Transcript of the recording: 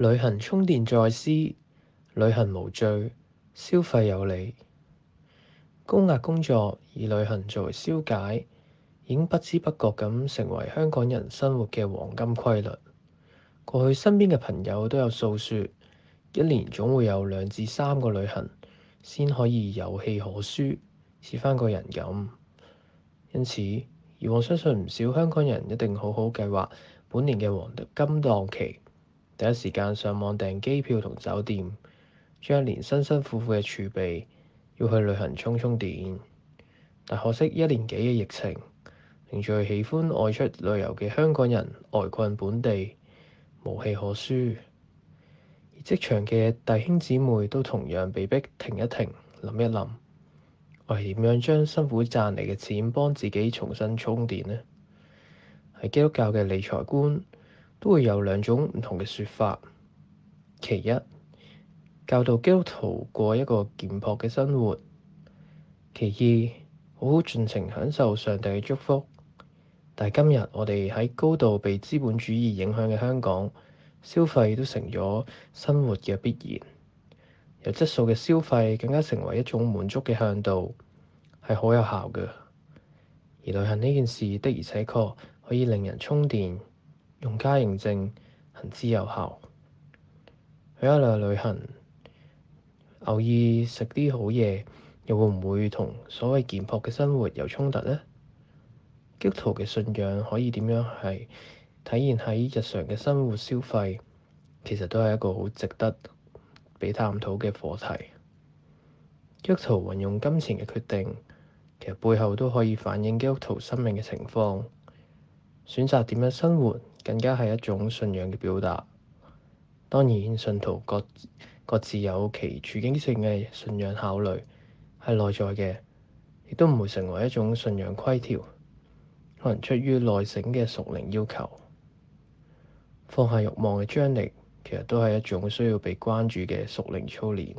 旅行充電再思，旅行無罪，消費有理。高壓工作以旅行作為消解，已經不知不覺咁成為香港人生活嘅黃金規律。過去身邊嘅朋友都有訴說，一年總會有兩至三個旅行先可以有氣可舒，似返個人咁。因此，以往相信唔少香港人一定好好計劃本年嘅黃金檔期。第一時間上網訂機票同酒店，將一年辛辛苦苦嘅儲備，要去旅行充充電。但可惜一年幾嘅疫情，令最喜歡外出旅遊嘅香港人，呆困本地，無氣可舒。而職場嘅弟兄姊妹都同樣被迫停一停，諗一諗，我係點樣將辛苦賺嚟嘅錢，幫自己重新充電呢？係基督教嘅理財觀，都會有兩種唔同嘅說法。其一，教導基督徒過一個簡樸嘅生活；其二，好好盡情享受上帝嘅祝福。但係今日我哋喺高度被資本主義影響嘅香港，消費都成咗生活嘅必然。有質素嘅消費更加成為一種滿足嘅向度，係好有效嘅。而旅行呢件事的而且確可以令人充電。用家認證，行之有效，去一下旅行，偶爾食啲好嘢，又會唔會同所謂儉樸嘅生活有衝突呢？基督徒嘅信仰可以點樣係體現喺日常嘅生活消費？其實都係一個好值得俾探討嘅課題。基督徒運用金錢嘅決定，其實背後都可以反映基督徒生命嘅情況，選擇點樣生活。更加係一種信仰嘅表達。當然，信徒各各自有其處境性嘅信仰考慮，係內在嘅，亦都唔會成為一種信仰規條。可能出於內省嘅屬靈要求，放下欲望嘅張力，其實都係一種需要被關注嘅屬靈操練。